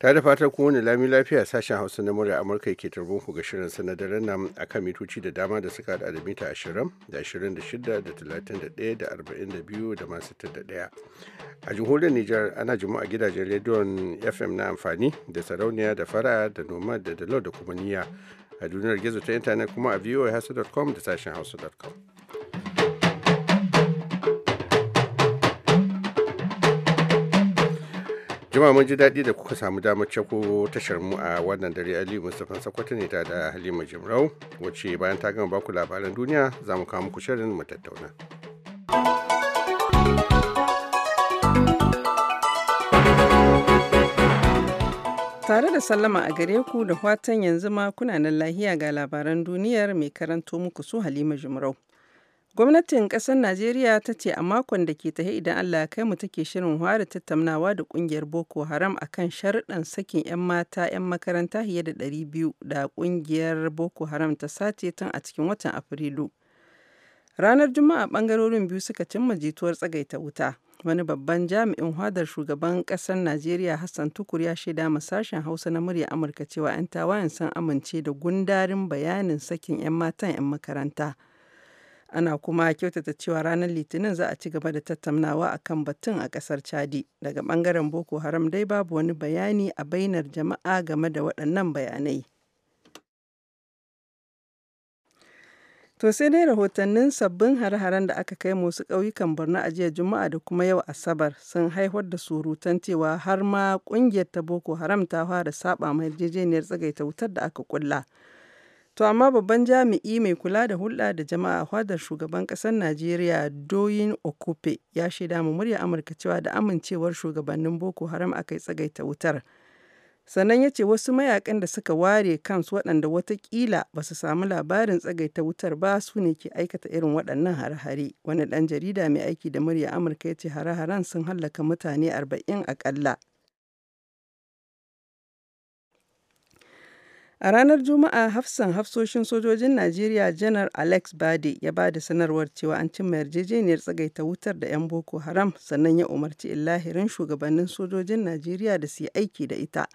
ta da fatar wani lami lafiya sashen hausa na murya amurka ke turbin ku ga shirin sanadaran nan a kan mitoci da dama da suka hada da mita 20 da 26 da 31 da 42 da masu 61 a jihohin nijar ana jimu a gidajen rediyon fm na amfani da sarauniya da fara da noma da dalo da kuma niyya a duniyar gizo ta intanet kuma a voahasu.com da sashen hausa.com jama'a mun ji daɗi da kuka samu damar cako tashar mu a wannan dare ali mustapha sakwato ne ta da halima jimrau wacce bayan ta gama baku labaran duniya za mu kawo muku shirin mu tattauna tare da sallama a gare ku da fatan yanzu ma kuna nan lahiya ga labaran duniyar mai karanto muku su halima jimrau Gwamnatin ƙasar Najeriya ta ce a makon da ke tahe idan Allah kai mu take shirin fara tattaunawa da ƙungiyar Boko Haram akan sharɗan sakin 'yan mata 'yan makaranta fiye da 200 da ƙungiyar Boko Haram ta sace tun a cikin watan Afrilu. Ranar Juma'a ɓangarorin biyu suka cimma jituwar tsagaita wuta. Wani babban jami'in hadar shugaban ƙasar Najeriya Hassan Tukur ya shaida ma sashen Hausa na murya Amurka cewa 'yan tawayen sun amince da gundarin bayanin sakin 'yan matan 'yan makaranta. ana kuma kyautata cewa ranar litinin za a ci gaba da tattaunawa a kan batun a kasar chadi daga bangaren boko haram dai babu wani bayani a bainar jama'a game da waɗannan bayanai To sai dai rahotannin sabbin har haren da aka kai musu ƙauyukan Borno a jiya Juma'a da kuma yau Asabar sun haifar da surutan cewa har ma ƙungiyar ta Boko Haram ta fara saba mai yarjejeniyar tsagaita wutar da aka kulla. To amma babban jami'i mai kula da hulɗa da jama'a a fadar shugaban ƙasar Najeriya Doyin Okupe ya shaida mu murya Amurka cewa da amincewar shugabannin Boko Haram aka yi tsagaita wutar. Sannan ya ce wasu mayakan da suka ware kansu waɗanda watakila ba su samu labarin tsagaita wutar ba su ne ke aikata irin waɗannan hare-hare. Wani ɗan jarida mai aiki da murya Amurka ya ce hare-haren sun hallaka mutane 40 akalla. A ranar Juma'a, hafsan hafsoshin sojojin Najeriya Janar Alex Bade ya ba da sanarwar cewa an cimma yarjejeniyar tsagaita wutar da 'yan Boko Haram sannan ya umarci illahirin shugabannin sojojin Najeriya da su yi aiki da ita.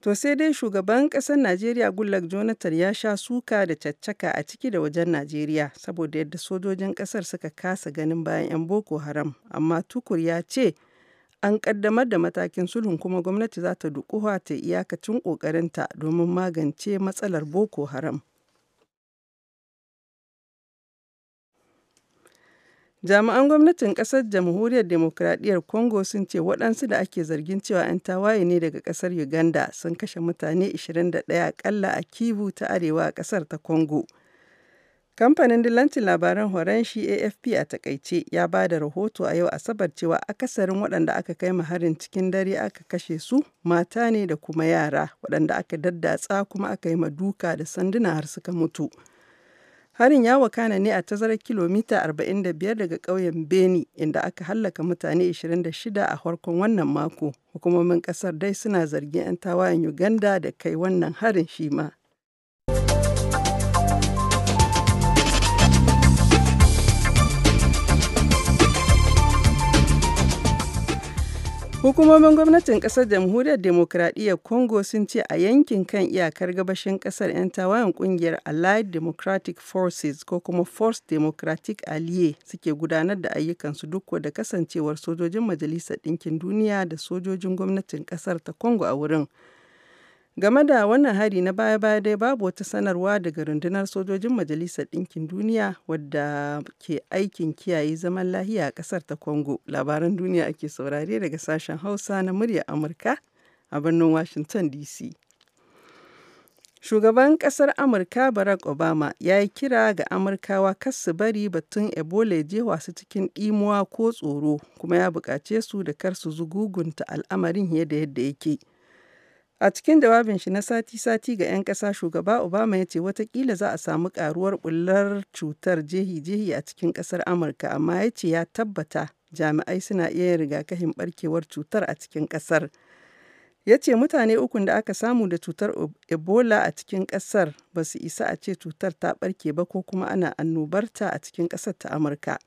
To sai dai shugaban ƙasar Najeriya Gullag Jonathan ya sha suka da caccaka a ciki da wajen Najeriya saboda yadda sojojin ƙasar suka kasa ganin bayan 'yan Boko Haram, amma tukur ya ce An ƙaddamar da matakin sulhun kuma gwamnati za ta dukufa ta yi iyakacin ƙoƙarinta domin magance matsalar Boko Haram. Jami'an gwamnatin kasar Jamhuriyar demokradiyyar Congo sun ce waɗansu da ake zargin cewa 'yan tawaye ne daga ƙasar Uganda sun kashe mutane 21 akalla a Kivu ta Arewa a ƙasar ta Congo. Kamfanin dillancin labaran horon shi AFP a takaice ya ba da rahoto a yau Asabar cewa akasarin waɗanda aka kai ma harin cikin dare aka kashe su mata ne da kuma yara waɗanda aka daddatsa kuma aka yi ma duka da sanduna har suka mutu. Harin ya wakana ne a tazarar kilomita 45 daga ƙauyen Beni inda aka hallaka mutane 26 a farkon wannan mako. Hukumomin ƙasar dai suna zargin 'yan tawayen Uganda da kai wannan harin shi ma. Hukumomin gwamnatin kasar jamhuriyar demokradiyyar Congo sun ce a yankin kan iyakar gabashin kasar 'yan tawayen kungiyar Allied Democratic Forces ko kuma Force Democratic Alliée suke gudanar da ayyukansu duk da kasancewar sojojin Majalisar Ɗinkin Duniya da sojojin gwamnatin kasar ta Congo a wurin. Game da wannan hari na baya-baya dai babu wata sanarwa daga Rundunar Sojojin Majalisar Ɗinkin Duniya wadda ke aikin kiyaye zaman lahiya a ƙasar ta Congo. Labaran duniya ake saurare daga sashen Hausa na muryar Amurka a birnin Washington DC. Shugaban ƙasar Amurka Barack Obama ya yi kira ga Amurkawa kar su bari batun Ebola ya je wasu cikin ɗimuwa ko tsoro kuma ya bukace su da kar su zugugunta al'amarin yadda yadda yake. A cikin jawabin shi na sati-sati ga 'yan ƙasa, Shugaba Obama ya ce watakila za a samu ƙaruwar ɓullar cutar jehi-jehi a cikin ƙasar Amurka, amma ya ce ya tabbata jami'ai suna iya yin rigakafin ɓarkewar cutar a cikin ƙasar. Ya ce mutane ukun da aka samu da cutar Ebola a cikin ƙasar ba su isa a ce cutar ta ɓarke ba ko kuma ana annobarta a cikin ƙasar ta Amurka.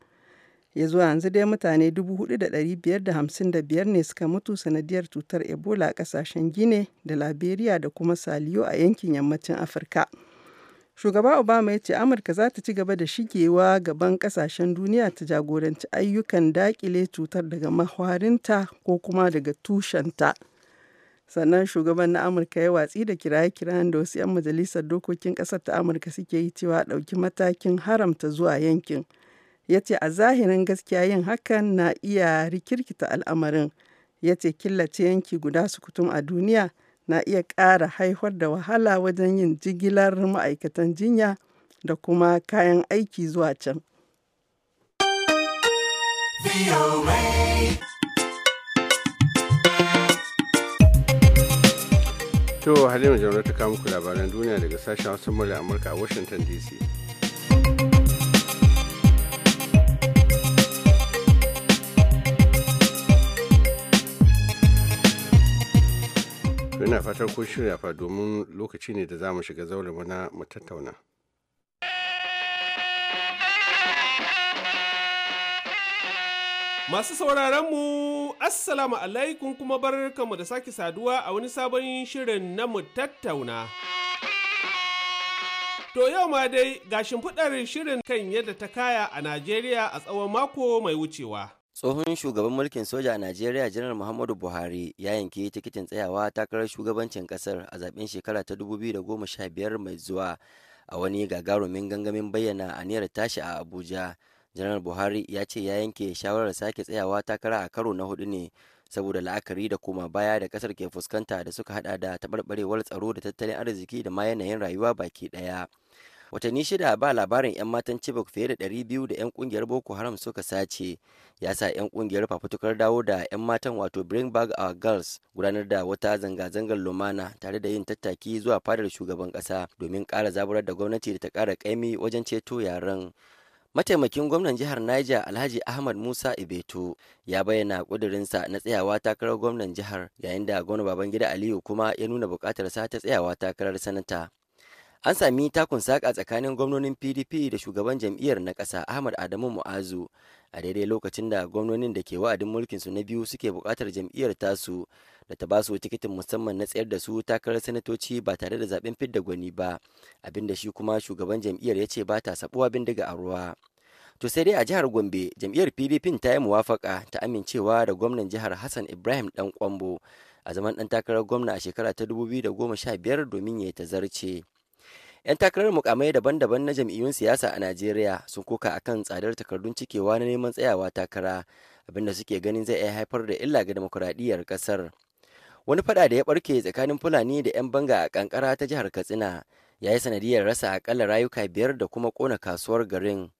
ya zuwa yanzu dai mutane 4,555 ne suka mutu sanadiyar cutar ebola a kasashen gine da liberia da kuma saliyo a yankin yammacin afirka shugaba obama ya ce amurka za ta ci gaba da shigewa gaban kasashen duniya ta jagoranci ayyukan dakile cutar daga mahwarinta ko kuma daga tushenta sannan shugaban na amurka ya watsi da kiraye-kirayen da wasu 'yan majalisar dokokin ƙasar ta amurka suke yi cewa ɗauki matakin haramta zuwa yankin Ya ce a zahirin gaskiya yin hakan na iya rikirkita al'amarin, ya ce killace yanki guda sukutum a duniya na iya ƙara haifar da wahala wajen yin jigilar ma'aikatan jinya da kuma kayan aiki zuwa can. To Halima ta kawo muku labaran duniya daga sashen wasan Murya Amurka a Washington DC. to ina fatar kun shirya fa domin lokaci ne da za mu shiga zauren na mu tattauna Masu sauraron mu Assalamu alaikum kuma barkamu da sake saduwa a wani sabon shirin na mu tattauna. To yau ma dai ga shimfiɗar shirin kan yadda ta kaya a Najeriya a tsawon mako mai wucewa. Tsohon shugaban mulkin soja a Najeriya Janar Muhammadu Buhari ya yanke tikitin tsayawa takarar shugabancin kasar a zaben shekara ta 2015 mai zuwa a wani gagarumin gangamin bayyana a aniyar tashi a Abuja. Janar Buhari ya ce ya yanke shawarar sake tsayawa takara a karo na hudu ne saboda la'akari da kuma baya da kasar ke fuskanta da suka hada da taɓarɓarewar tsaro da tattalin arziki da ma yanayin rayuwa baki ɗaya. watanni shida ba labarin 'yan matan Chibok fiye da 200 da 'yan kungiyar Boko Haram suka sace ya sa 'yan kungiyar fafutukar dawo da 'yan matan wato Bring Back Our Girls gudanar da wata zanga-zangar lumana tare da yin tattaki zuwa fadar shugaban kasa domin kara zaburar da gwamnati da ta kara kaimi wajen ceto yaren. Mataimakin gwamnan jihar Niger Alhaji Ahmad Musa Ibeto ya bayyana kudurinsa na tsayawa takarar gwamnan jihar yayin da gwamnan Babangida Aliyu kuma ya nuna sa ta tsayawa takarar sanata. An sami takun saƙa tsakanin gwamnonin PDP da shugaban jam'iyyar na ƙasa Ahmad Adamu Mu'azu a daidai lokacin da gwamnonin da ke wa'adin mulkin su na biyu suke buƙatar jam'iyyar tasu da ta basu tikitin musamman na tsayar da su takarar sanatoci ba tare da zaɓen fidda gwani ba abinda shi kuma shugaban jam'iyyar ya ce ba ta sabuwa bindiga a ruwa. To sai dai a jihar Gombe jam'iyyar PDP ta yi muwafaka ta amincewa da gwamnan jihar Hassan Ibrahim Dan Kwambo a zaman dan takarar gwamna a shekara ta biyar domin ya yi tazarce. 'Yan takarar mukamai daban-daban na jam'iyyun siyasa a Najeriya sun koka akan tsadar takardun cikewa na neman tsayawa takara abinda suke ganin zai iya haifar da illa ga demokuraɗiyyar ƙasar. Wani fada da ya barke tsakanin Fulani da 'yan banga a kankara ta jihar Katsina ya yi sanadiyar rasa akalla rayuka biyar da kuma kona kasuwar garin.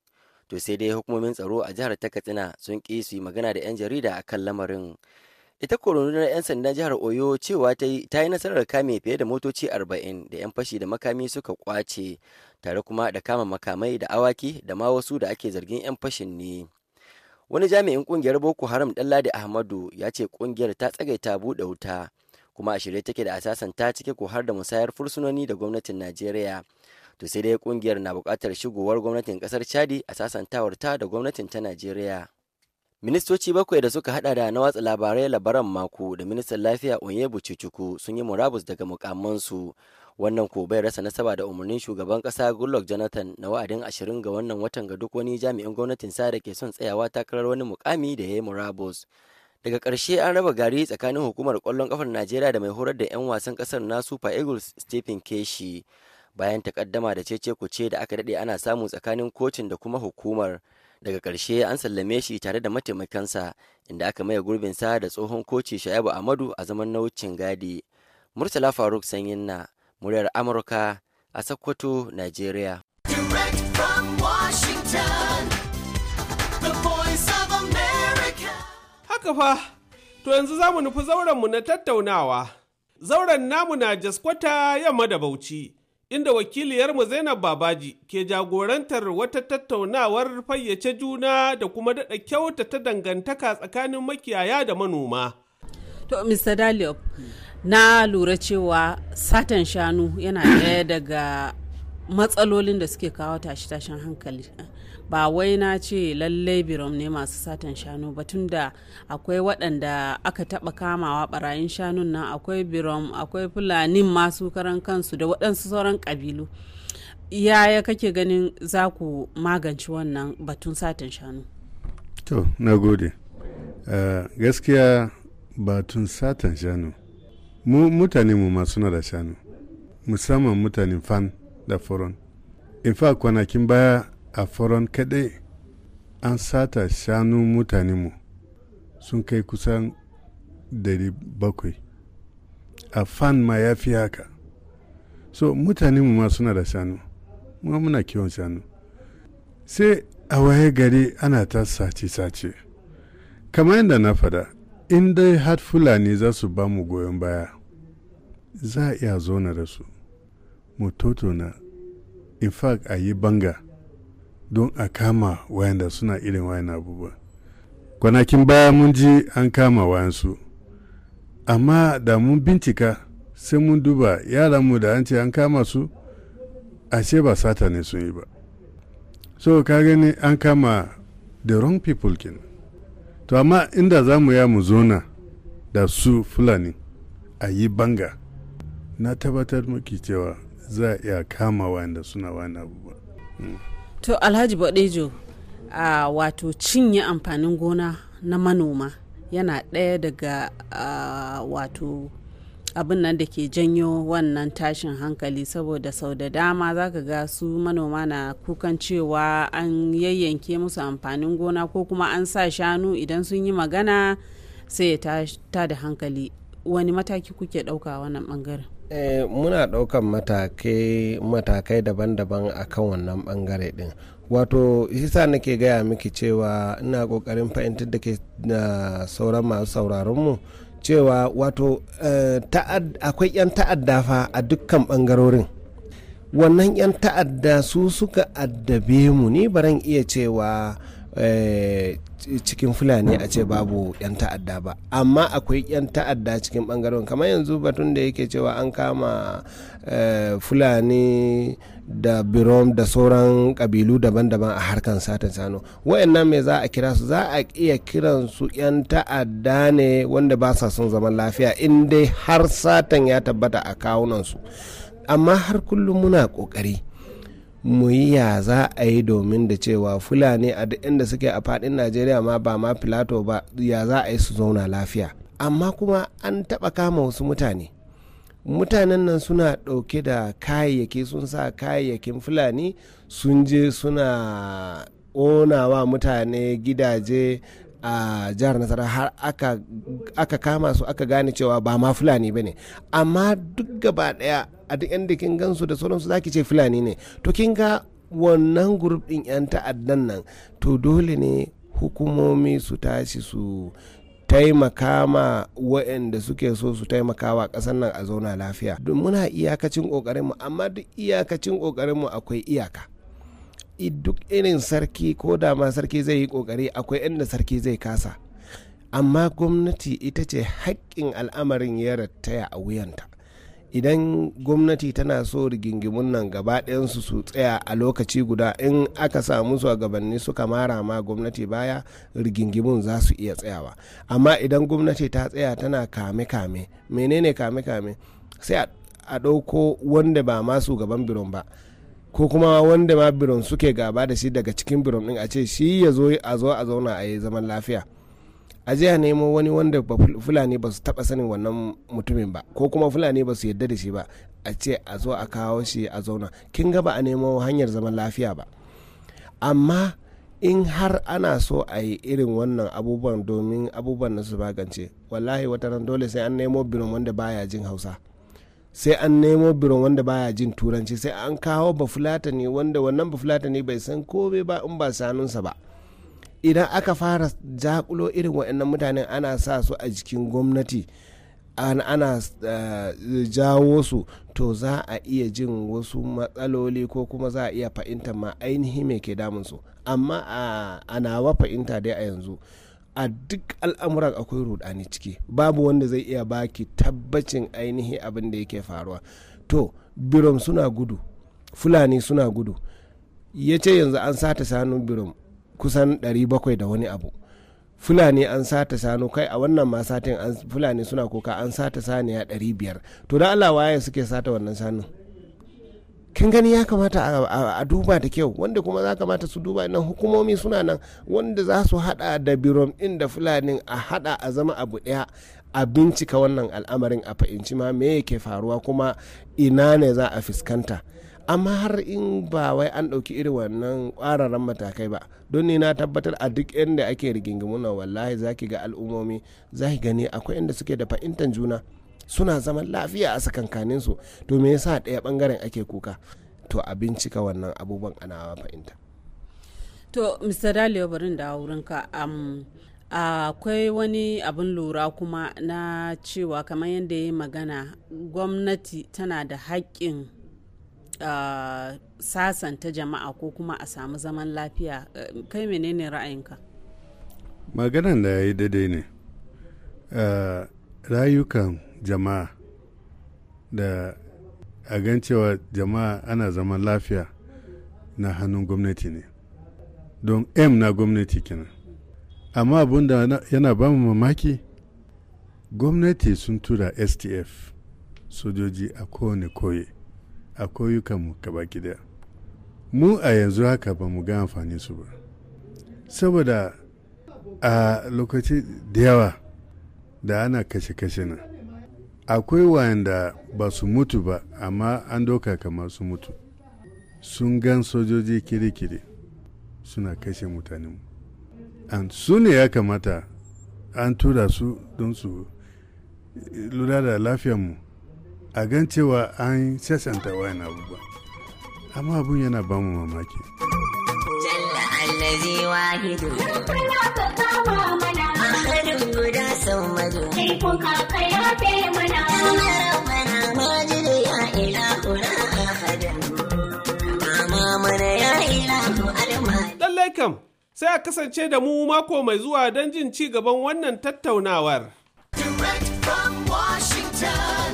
To sai dai hukumomin tsaro a jihar ta Katsina sun ƙi su yi magana da 'yan jarida akan lamarin. ita koronar 'yan sanda jihar oyo cewa ta yi nasarar kame fiye da motoci 40 da 'yan fashi da makami suka kwace tare kuma da kama makamai da awaki da ma wasu da ake zargin 'yan fashin ne wani jami'in kungiyar boko haram ɗanladi ahmadu ya ce kungiyar ta tsagaita buɗe wuta kuma a shirye take da asasan ta cike ko har da musayar fursunoni da gwamnatin najeriya to sai dai kungiyar na buƙatar shigowar gwamnatin ƙasar chadi a sasantawar ta da gwamnatin ta najeriya Ministoci bakwai da suka hada da na watsa labarai labaran mako da ministan lafiya Onyebu Cicuku sun yi murabus daga mukamansu. Wannan ko bai rasa nasaba da umarnin shugaban kasa Goodluck Jonathan na wa'adin ashirin ga wannan watan ga duk wani jami'in gwamnatin Sada ke son tsayawa takarar wani mukami da ya yi murabus. Daga ƙarshe an raba gari tsakanin hukumar ƙwallon ƙafar Najeriya da mai horar da 'yan wasan ƙasar na Super Eagles Stephen Keshi bayan takaddama da cece kuce da aka daɗe ana samu tsakanin kocin da kuma hukumar. daga ƙarshe an sallame shi tare da mataimakansa inda aka maye gurbinsa da tsohon koci sha'ibu amadu a zaman na wucin gadi murtala faruk sanyin na muryar amurka a sokoto nigeria haka fa to yanzu za mu nufi mu na tattaunawa zauren namu na jaskwata yamma da bauchi inda wakiliyarmu Zainab Babaji ke jagorantar wata tattaunawar fayyace juna da kuma daɗa kyautata dangantaka tsakanin makiyaya da manoma. To, Mr. Daliop, na lura cewa satan shanu yana ɗaya daga matsalolin da suke kawo tashi-tashin hankali ba wai na ce lallai birom ne masu satan shanu ba tunda akwai waɗanda aka taɓa kamawa ɓarayin shanun nan akwai birom akwai fulanin masu karan kansu da waɗansu sauran ƙabilu yaya kake ganin za ku magance wannan batun satan shanu to na gode uh, gaskiya batun satan shanu mu mutane mu masu na da shanu musamman mutanen fan da foron in fa kwanakin baya a faron kaɗai an sata shanu mutanenmu sun kai kusan 700 a fan ma ya fi haka so mutanenmu ma suna da shanu ma muna kiwon shanu sai a waye gari ana ta sace-sace kamar yadda na fada in dai har fulani za su ba mu goyon baya za a iya zona da su mu totona in fact a yi banga don a kama wayanda suna irin wayan abubuwa kwanakin baya mun ji an kama wayansu amma da mun bincika sai mun duba yaranmu da an ce an kama su ashe ba sata ne sun yi ba so ka gani an kama the wrong people kin to amma inda za mu ya mu zona da su fulani a yi banga na tabbatar muki cewa za a iya kama wayanda suna wayan abubuwa. Hmm. to alhaji badejo a wato cinye amfanin gona na manoma yana ɗaya daga uh, wato abin nan da ke janyo wannan tashin hankali saboda sau da dama za ka ga su manoma na kukan cewa an yayyanke musu amfanin gona ko kuma an sa shanu idan sun yi magana sai ya ta da hankali wani mataki kuke ɗauka wannan ɓangaren Eh, muna ɗaukan matakai daban-daban a kan wannan ɓangare ɗin wato sa nake gaya miki cewa ina ƙoƙarin fahimtar da ke sauran masu sauraronmu cewa wato eh, akwai 'yan ta'adda fa a dukkan ɓangarorin wannan 'yan ta'adda su suka addabe mu ni baran iya cewa eh, cikin fulani a ce babu 'yan ta'adda ba amma akwai 'yan ta'adda cikin bangaren kamar yanzu batun da yake cewa an kama eh, fulani da birom da sauran kabilu daban-daban a harkar satin sano wayanna me za a kira su za a iya kiran su 'yan ta'adda ne wanda ba sa son zaman lafiya in dai har satan ya tabbata a kawunansu amma har kullum muna kokari mu yi ya za a yi domin da cewa fulani a duk inda suke a fadin najeriya ma ba ma filato ba ya za a yi su zauna lafiya amma kuma an taba kama wasu mutane mutanen nan suna ɗauke da kayayyaki sun sa kayayyakin fulani sun je suna onawa mutane gidaje a jihar nasara har aka, kama su aka gane cewa ba ma fulani ba ne amma duk gaba daya a duk yan da kin gansu da sauransu zaki ce fulani ne to kin ga wannan gurub din yan ta'addan nan to dole ne hukumomi su tashi su taimaka ma wa'anda suke so su taimaka wa ƙasar nan a zauna lafiya muna iyakacin ƙoƙarinmu amma duk iyakacin ƙoƙarinmu akwai iyaka duk irin sarki ko da ma sarki zai yi kokari akwai inda sarki zai kasa amma gwamnati ita ce haƙƙin al'amarin ya rattaya a wuyanta idan gwamnati tana so rigingimun nan gaba su su tsaya a lokaci guda in aka samu su a gabanni suka mara ma gwamnati baya rigingimun za su iya tsayawa amma idan gwamnati ta tsaya tana kame-kame menene kame-kame sai a ɗauko wanda ba masu gaban biron ba ko kuma wanda ma biron suke gaba da shi daga cikin biron din a ce shi ya zo a zo a zauna a yi zaman lafiya a jiya nemo wani wanda fulani ba su taba sanin wannan mutumin ba ko kuma fulani ba su yadda da shi ba a ce a zo a kawo shi a zauna kin ga ba a nemo hanyar zaman lafiya ba amma in har ana so a yi irin wannan abubuwan domin abubuwan na su magance wallahi wata ran dole sai an nemo biron wanda baya jin hausa sai an nemo biron wanda baya jin turanci sai an kawo bafulata ne wanda wannan bafulata ne bai san kome ba in ba sanunsa ba idan aka fara jakulo irin waɗannan mutanen ana sa su a jikin gwamnati ana eh, jawo su to za a iya jin wasu matsaloli ko kuma za a iya fahimta ma ainihi mai ke damunsu amma a nawa fahimta dai a yanzu a duk al'amuran akwai rudani ciki babu wanda zai iya baki tabbacin ainihi abin da yake faruwa to birom suna gudu fulani suna gudu ya ce yanzu an sata sanu birom kusan 700 da wani abu fulani an sata sanu kai a wannan ma satin fulani suna kuka an sata saniya 500 to da allah waye suke sata wannan sanu kin gani ya kamata a duba da kyau wanda kuma za kamata su duba nan hukumomi suna nan wanda za su hada da birom din da fulanin a hada a zama abu daya a bincika wannan al'amarin a fahimci ma me yake faruwa kuma ina ne za a fuskanta amma har in ba wai an ɗauki irin wannan ƙwararren matakai ba don ni na tabbatar a duk inda ake rigingimu na wallahi zaki ga al'ummomi zaki gani akwai inda suke da fahimtar juna suna zaman lafiya a sakankanin su to me yasa ɗaya bangaren ake kuka to a bincika wannan abubuwan ana fahimta to mr dalio barin da wurinka um, akwai wani abin lura kuma na cewa kamar yadda ya yi magana gwamnati tana da haƙƙin uh, sasanta jama'a ko kuma a samu zaman lafiya uh, kai menene ra'ayinka maganan da ya yi daidai ne rayukan jama'a da a gan cewa jama'a ana zaman lafiya na hannun gwamnati ne don m na gwamnati kenan amma abin da yana ba mu mamaki gwamnati sun tura stf sojoji a kowane koye a koyukanmu baki daya mu a yanzu haka ba mu ga amfani su ba saboda a lokaci da yawa da ana kashe-kashe nan akwai wanda ba su mutu ba amma an doka kamar su mutu sun gan sojoji kiri-kiri suna kashe mutanenmu an su ne ya kamata an tura su don su lura da lafiyanmu a gan cewa an sasanta wayan abubuwa amma abun yana ba mu mamaki jalla allazi wahidu Muhammadu. Sai kun kaka ya fe mana. Ya rabbana majidu ya ilahuna ahadan. Mama mana ya ilahu almahdi. Lallai kam sai a kasance da mu mako mai zuwa don jin ci gaban wannan tattaunawar. Direct from Washington.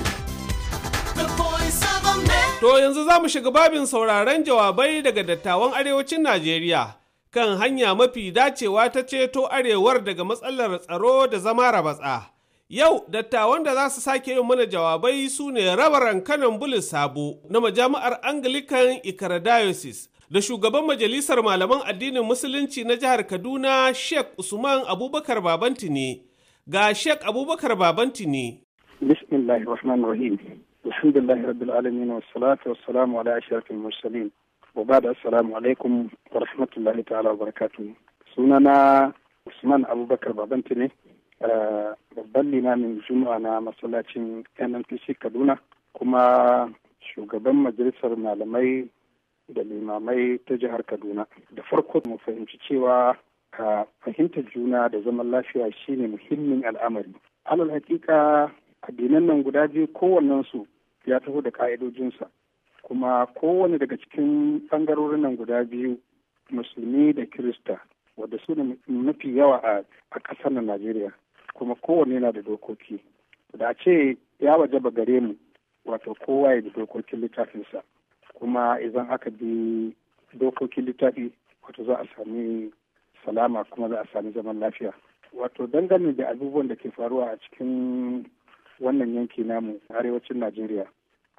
To yanzu za mu shiga babin sauraron jawabai daga dattawan arewacin Najeriya. kan hanya mafi dacewa ta ceto arewar daga matsalar tsaro da zama rabatsa. Yau dattawan da za su sake yin mana jawabai su ne rabaran kanan bulis sabo na majami'ar Anglican Ikara Diocese da shugaban majalisar malaman addinin musulunci na jihar Kaduna Sheikh Usman Abubakar Babantini ga Sheikh Abubakar Babantini. Bismillahirrahmanirrahim. Alhamdulillahi rabbil alamin wassalatu wassalamu ala ashrafil mursalin Wabada assalamu alaikum wa rahmatullahi ta'ala wa barakatu. Sunana Usman Abubakar Babanti ne, eh, babban limamin Juma'a na masallacin NNPC Kaduna, kuma shugaban majalisar malamai da limamai ta jihar Kaduna. Da farko mu fahimci cewa ka eh, fahimtar juna da zaman lafiya shine muhimmin al'amari. Alal hakika addinan nan guda biyu kowannensu ya taho da ka'idojinsa kuma kowane daga cikin ɓangarorin nan guda biyu musulmi da kirista wadda su ne mafi yawa a ƙasar na najeriya kuma kowane yana da dokoki da a ce ya waje ba gare mu wato kowa ya da dokokin littafinsa kuma idan aka bi dokokin littafi wato za a sami salama kuma za a sami zaman lafiya wato dangane da abubuwan da ke faruwa a cikin wannan yanki namu arewacin najeriya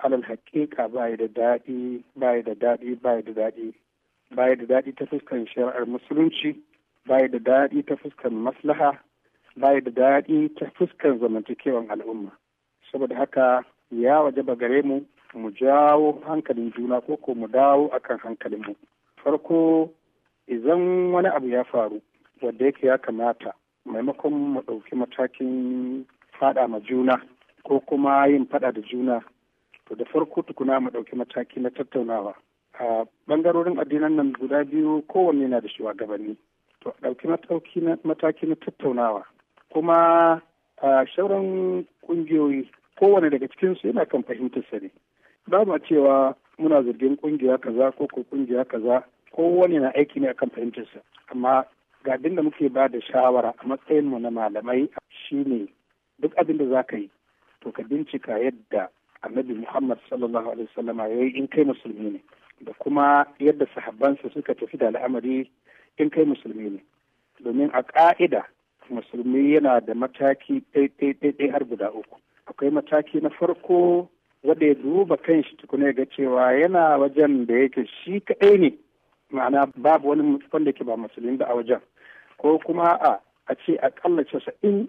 alal hakika ba da daɗi ba da daɗi ba da daɗi ba da daɗi ta fuskan shari'ar musulunci ba da daɗi ta fuskan maslaha ba da daɗi ta fuskan zamantakewan al'umma saboda haka ya waje ba gare mu mu jawo hankalin juna ko ko mu dawo akan hankalin mu farko idan wani abu ya faru wanda yake ya kamata maimakon mu ɗauki matakin faɗa ma juna ko kuma yin faɗa da juna to da farko tukuna mu ɗauki mataki na tattaunawa a bangarorin addinan nan guda biyu kowanne na da shugabanni to a ɗauki mataki na tattaunawa kuma a shauran ƙungiyoyi kowane daga cikinsu yana kan fahimtar sa ne ba cewa muna zargin ƙungiya kaza ko ko ƙungiya kaza kowane na aiki ne akan fahimtarsa amma ga abin da muke ba da shawara a matsayinmu na malamai shine duk abin da za ka yi to ka bincika yadda annabi muhammad sallallahu alaihi wasallam ya yi in kai musulmi ne da kuma yadda sahabbansa suka tafi da al'amari in kai musulmi ne domin a ka'ida musulmi yana da mataki ɗaiɗaiɗaiɗai har guda uku akwai mataki na farko wanda ya duba kanshi tukuna ga cewa yana wajen da yake shi kaɗai ne ma'ana babu wani wanda ke ba musulmi ba a wajen ko kuma a a ce akalla casa'in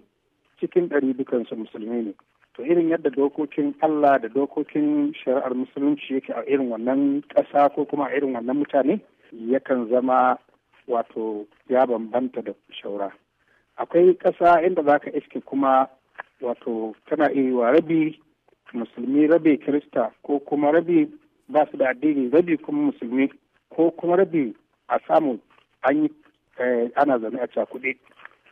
cikin ɗari dukansu musulmi ne to irin yadda dokokin Allah da dokokin shari'ar musulunci yake a irin wannan ƙasa ko kuma a irin wannan mutane yakan zama wato ya bambanta da shaura akwai ƙasa inda za ka iske kuma wato tana wa rabi musulmi rabi kirista ko kuma rabi ba su da addini rabi kuma musulmi ko kuma rabi a samu an yi eh, ana zaune a cakuɗe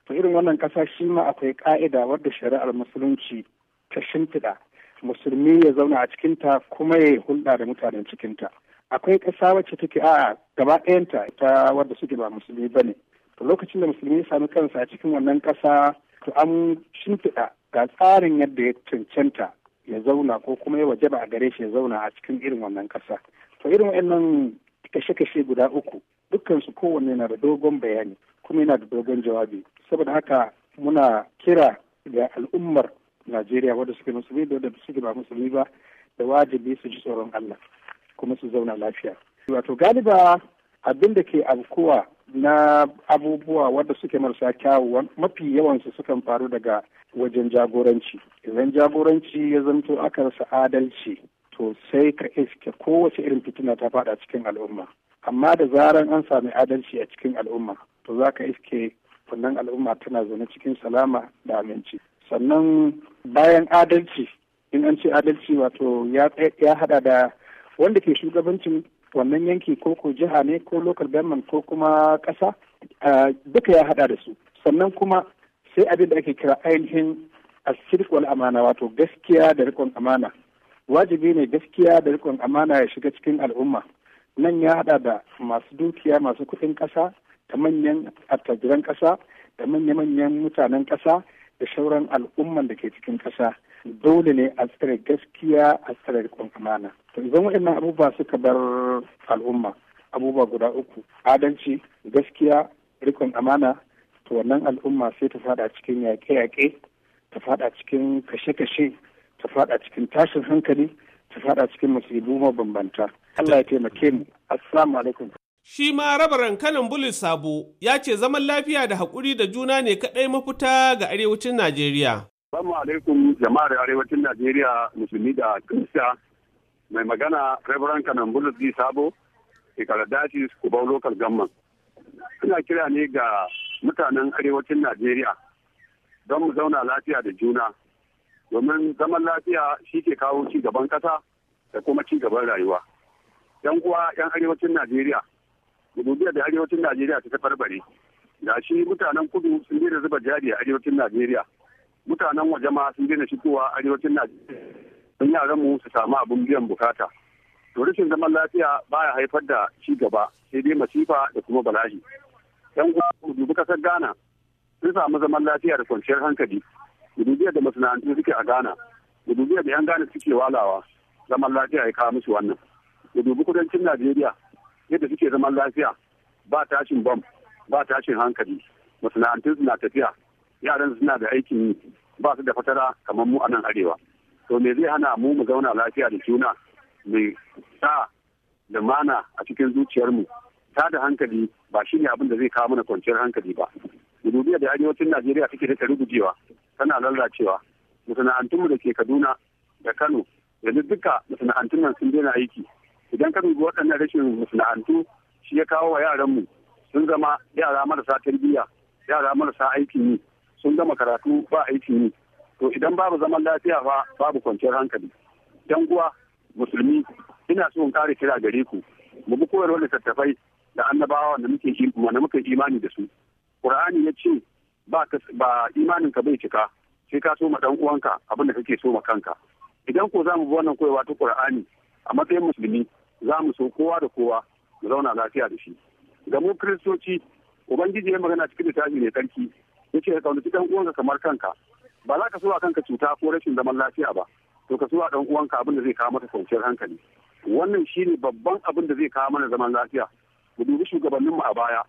to irin wannan ƙasa shi ma akwai ƙa'ida wadda shari'ar musulunci ta shimfiɗa musulmi ya zauna a cikinta kuma ya hulɗa da mutanen cikinta akwai ƙasa wacce take a gaba ɗayanta ta wadda suke ba musulmi ba ne to lokacin da musulmi ya sami kansa a cikin wannan ƙasa to an shimfiɗa ga tsarin yadda ya cancanta ya zauna ko kuma ya ba a gare shi ya zauna a cikin irin wannan ƙasa to irin wannan kashe-kashe guda uku dukkansu kowanne na da dogon bayani kuma yana da dogon jawabi saboda haka muna kira ga al'ummar Najeriya wadda suke musulmi da wadda suke ba musulmi ba da wajibi su ji tsoron Allah kuma su zauna lafiya. Wato galiba abin da ke afkuwa na abubuwa wadda suke marasa kyawu mafi yawansu sukan faru daga wajen jagoranci. Idan jagoranci ya zanto aka rasa adalci to sai ka iske kowace irin fitina ta faɗa cikin al'umma. Amma da zaran an sami adalci a cikin al'umma to za ka iske wannan al'umma tana zaune cikin salama da aminci. sannan bayan adalci in an ce adalci wato ya hada da wanda ke shugabancin wannan yanki ko ko jiha ne ko local government ko kuma kasa duka ya hada da su sannan kuma sai abin da ake kira ainihin asirk amana wato gaskiya da rikon amana wajibi ne gaskiya da rikon amana ya shiga cikin al'umma nan ya hada da masu dukiya masu kuɗin ƙasa da manyan attajiran ƙasa da manya-manyan mutanen ƙasa da sauran al'umman da ke cikin ƙasa dole ne a tsare gaskiya a tsare riƙon amana to idan waɗannan abubuwa suka bar al'umma abubuwa guda uku adalci gaskiya rikon amana to wannan al'umma sai ta fada cikin yaƙe-yaƙe ta fada cikin kashe-kashe ta fada cikin tashin hankali ta fada cikin musibu mabambanta Allah ya taimake mu assalamu alaikum Shi ma rabaran kanan bulis sabo ya ce zaman lafiya da haƙuri da juna ne kaɗai mafita ga arewacin Najeriya. Salamu alaikum jama'ar arewacin Najeriya musulmi da kirista mai magana rabaran kanan bulis di sabo shekarar dashi kubau lokal gamman. Suna kira ne ga mutanen arewacin Najeriya don mu zauna lafiya da juna domin zaman lafiya shi ke kawo ci gaban ƙasa da kuma ci gaban rayuwa. 'Yan uwa 'yan arewacin Najeriya gudunmiya da arewacin najeriya ta tabarbare ga shi mutanen kudu sun daina zuba jari a arewacin najeriya mutanen waje ma sun daina shigowa arewacin najeriya yi yaran mu su samu abin biyan bukata to rashin zaman lafiya baya haifar da ci gaba sai dai masifa da kuma balahi yan ku dubi kasar ghana sun samu zaman lafiya da kwanciyar hankali gudunmiya da masana'antu suke a ghana gudunmiya da yan ghana suke walawa zaman lafiya ya kawo musu wannan da kudancin najeriya yadda suke zaman lafiya ba tashin bam ba tashin hankali masana'antun suna tafiya yaran suna da aikin yi ba su da fatara kamar mu a nan arewa to me zai hana mu mu zauna lafiya da juna mai sa da mana a cikin zuciyarmu ta da hankali ba shine abin da zai kawo mana kwanciyar hankali ba dubiya da arewacin najeriya take da rugujewa tana lalacewa masana'antunmu da ke kaduna da kano yanzu duka masana'antun nan sun daina aiki idan ka dubi waɗannan rashin masana'antu shi ya kawo wa yaranmu sun zama yara marasa tarbiyya yara marasa aikin yi sun gama karatu ba aikin yi to idan babu zaman lafiya ba babu kwanciyar hankali dan uwa musulmi ina so in kare kira gare ku mu bi koyarwar littattafai da annabawa da muke muke imani da su qur'ani ya ce ba ba imanin ka bai cika sai ka so ma dan uwanka abin da kake so ma kanka idan ko za mu bi wannan koyarwa ta qur'ani a matsayin musulmi za mu so kowa da kowa mu zauna lafiya da shi ga mu kiristoci ubangiji ya magana cikin littafi tsarki tsarki. ce ka kaunaci dan uwanka kamar kanka ba za ka so a kanka cuta ko rashin zaman lafiya ba to ka so a dan uwanka abin da zai kawo mata kwanciyar hankali wannan shine babban abin da zai kawo mana zaman lafiya mu dubi mu a baya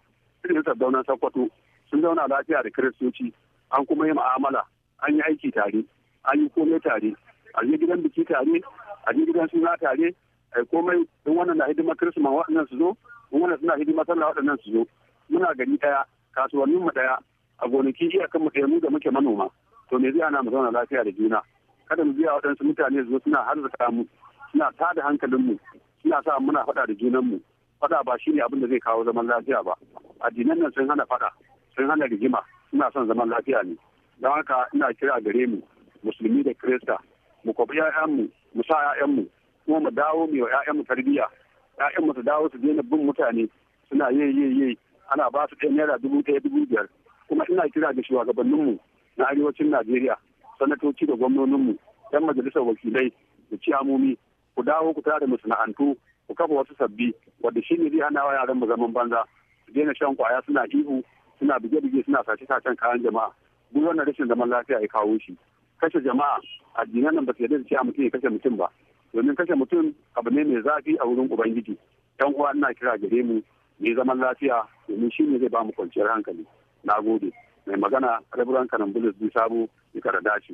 irin sardaunan sakkwato sun zauna lafiya da kiristoci an kuma yi mu'amala an yi aiki tare an yi komai tare a je gidan biki tare a je gidan suna tare ai eh, komai in wannan na hidima kirisma waɗannan su zo in wannan suna hidima sallah waɗannan su zo muna gani ɗaya kasuwannin mu ɗaya a gonaki iyakan mu ɗaya mu da muke manoma to me zai ana mu zauna lafiya da juna kada mu biya waɗansu mutane su zo suna harzuka mu suna tada hankalin mu suna sa muna faɗa da junan mu faɗa ba shi ne abin da zai kawo zaman lafiya ba addinan nan sun hana faɗa sun hana rigima suna son zaman lafiya ne don haka ina kira gare mu musulmi da kirista mu kwabi 'ya'yanmu mu sa 'ya'yanmu kuma mu dawo mai ƴaƴan mu tarbiyya ƴaƴan mu su dawo su daina bin mutane suna yi yi yi ana ba su ɗaya naira dubu ɗaya dubu biyar kuma ina kira da shugabanninmu na arewacin Najeriya sanatoci da gwamnoninmu yan majalisar wakilai da ciyamomi ku dawo ku tare masana'antu ku kafa wasu sabbi wadda shine zai hana wa yaran mu zaman banza su daina shan kwaya suna ihu suna buge-buge suna sace-sacen kayan jama'a duk wannan rashin zaman lafiya ya kawo shi kashe jama'a addinan nan ba su yarda da cewa mutum ya kashe mutum ba domin kashe mutum abu ne mai zafi a wurin ubangiji yan uwa ina kira gare mu mai zaman lafiya domin shi ne zai ba mu kwanciyar hankali na gode mai magana raburan kanan bulus bi sabo ya kara dace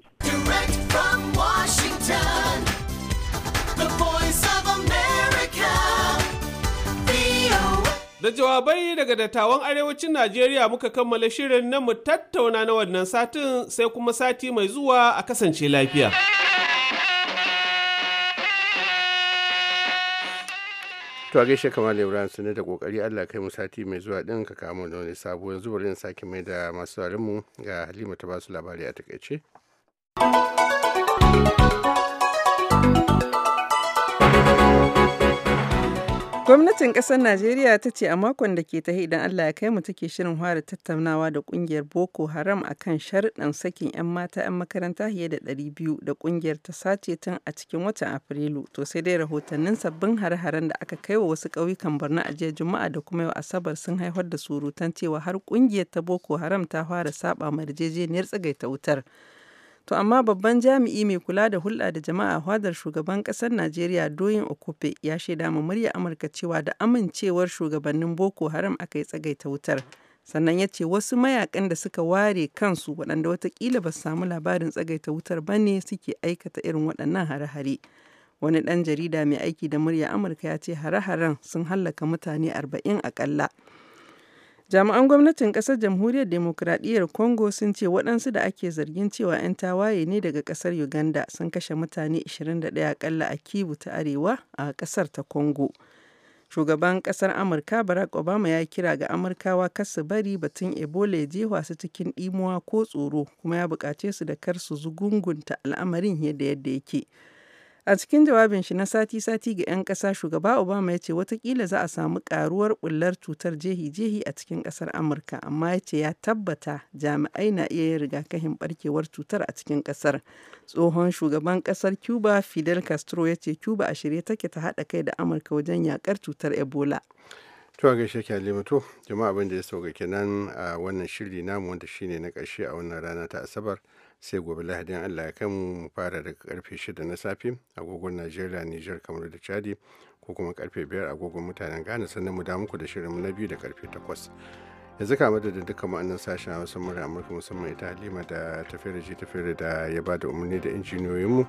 Da jawabai daga dattawan arewacin Najeriya muka kammala shirin na mu tattauna na wannan satin sai kuma sati mai zuwa a kasance lafiya. to a gaishe kamar su suna da kokari allah kai mu sati mai zuwa din ka kamo da wani sabuwar zubarin in sake mai da masu mu ga halima ta basu labari a takaice. Gwamnatin ƙasar Najeriya ta ce a makon da ke tahi idan Allah ya kai mu take shirin fara tattaunawa da ƙungiyar Boko Haram a kan sharuɗan sakin 'yan mata 'yan makaranta fiye da 200 da ƙungiyar ta sace tun a cikin watan Afrilu. To sai dai rahotannin sabbin hare-haren da aka kai wa wasu ƙauyukan Borno a jiya Juma'a da kuma yau Asabar sun haifar da surutan cewa har ƙungiyar ta Boko Haram ta fara saba ma yarjejeniyar tsagaita wutar. To amma babban jami'i mai kula da hulɗa da jama'a a fadar shugaban ƙasar Najeriya Doyin Okupe ya shaida ma murya Amurka cewa da amincewar shugabannin Boko Haram aka yi tsagaita wutar. Sannan ya ce wasu mayakan da suka ware kansu waɗanda watakila ba su samu labarin tsagaita wutar ba ne suke aikata irin waɗannan hare-hare. Wani ɗan jarida mai aiki da murya Amurka ya ce hare-haren sun hallaka mutane arba'in aƙalla. Jami'an gwamnatin ƙasar Jamhuriyar Dimokuraɗiyyar Congo sun ce waɗansu da ake zargin cewa 'yan tawaye ne daga ƙasar Uganda sun kashe mutane 21 akalla a Kivu ta Arewa a ƙasar ta Congo. Shugaban ƙasar Amurka Barack Obama ya kira ga Amurkawa kar su bari batun Ebola ya je su cikin ɗimuwa ko tsoro kuma ya buƙace su da kar su zugungunta al'amarin yadda yadda yake. A cikin jawabin shi na sati-sati ga 'yan ƙasa, Shugaba Obama ya ce watakila za a samu karuwar ɓullar cutar jehi-jehi a cikin ƙasar Amurka, amma ya ce ya tabbata jami'ai na iya yin rigakafin ɓarkewar cutar a cikin ƙasar. Tsohon shugaban ƙasar Cuba Fidel Castro ya ce Cuba a shirye take ta haɗa kai da Amurka wajen yaƙar cutar Ebola. To gaishe ki Halimatu, jama'a abin da ya sauka kenan a wannan shiri namu wanda shine na ƙarshe a wannan rana ta Asabar. sai gobe lahadin allah ya kai mu fara daga karfe 6 na safe agogon najeriya niger kamar da chadi ko kuma karfe 5 agogon mutanen ghana sannan mu da muku da shirin na biyu da karfe 8 yanzu ka madadin duka ma'anar sashen wasu murya amurka musamman ita halima da tafere ji tafere da ya ba da umarni da injiniyoyinmu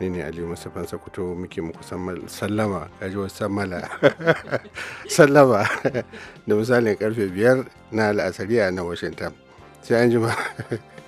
ne ne aliyu Fansa sakuto muke muku sallama ji wasu sammala sallama da misalin karfe biyar na a na washington sai an ma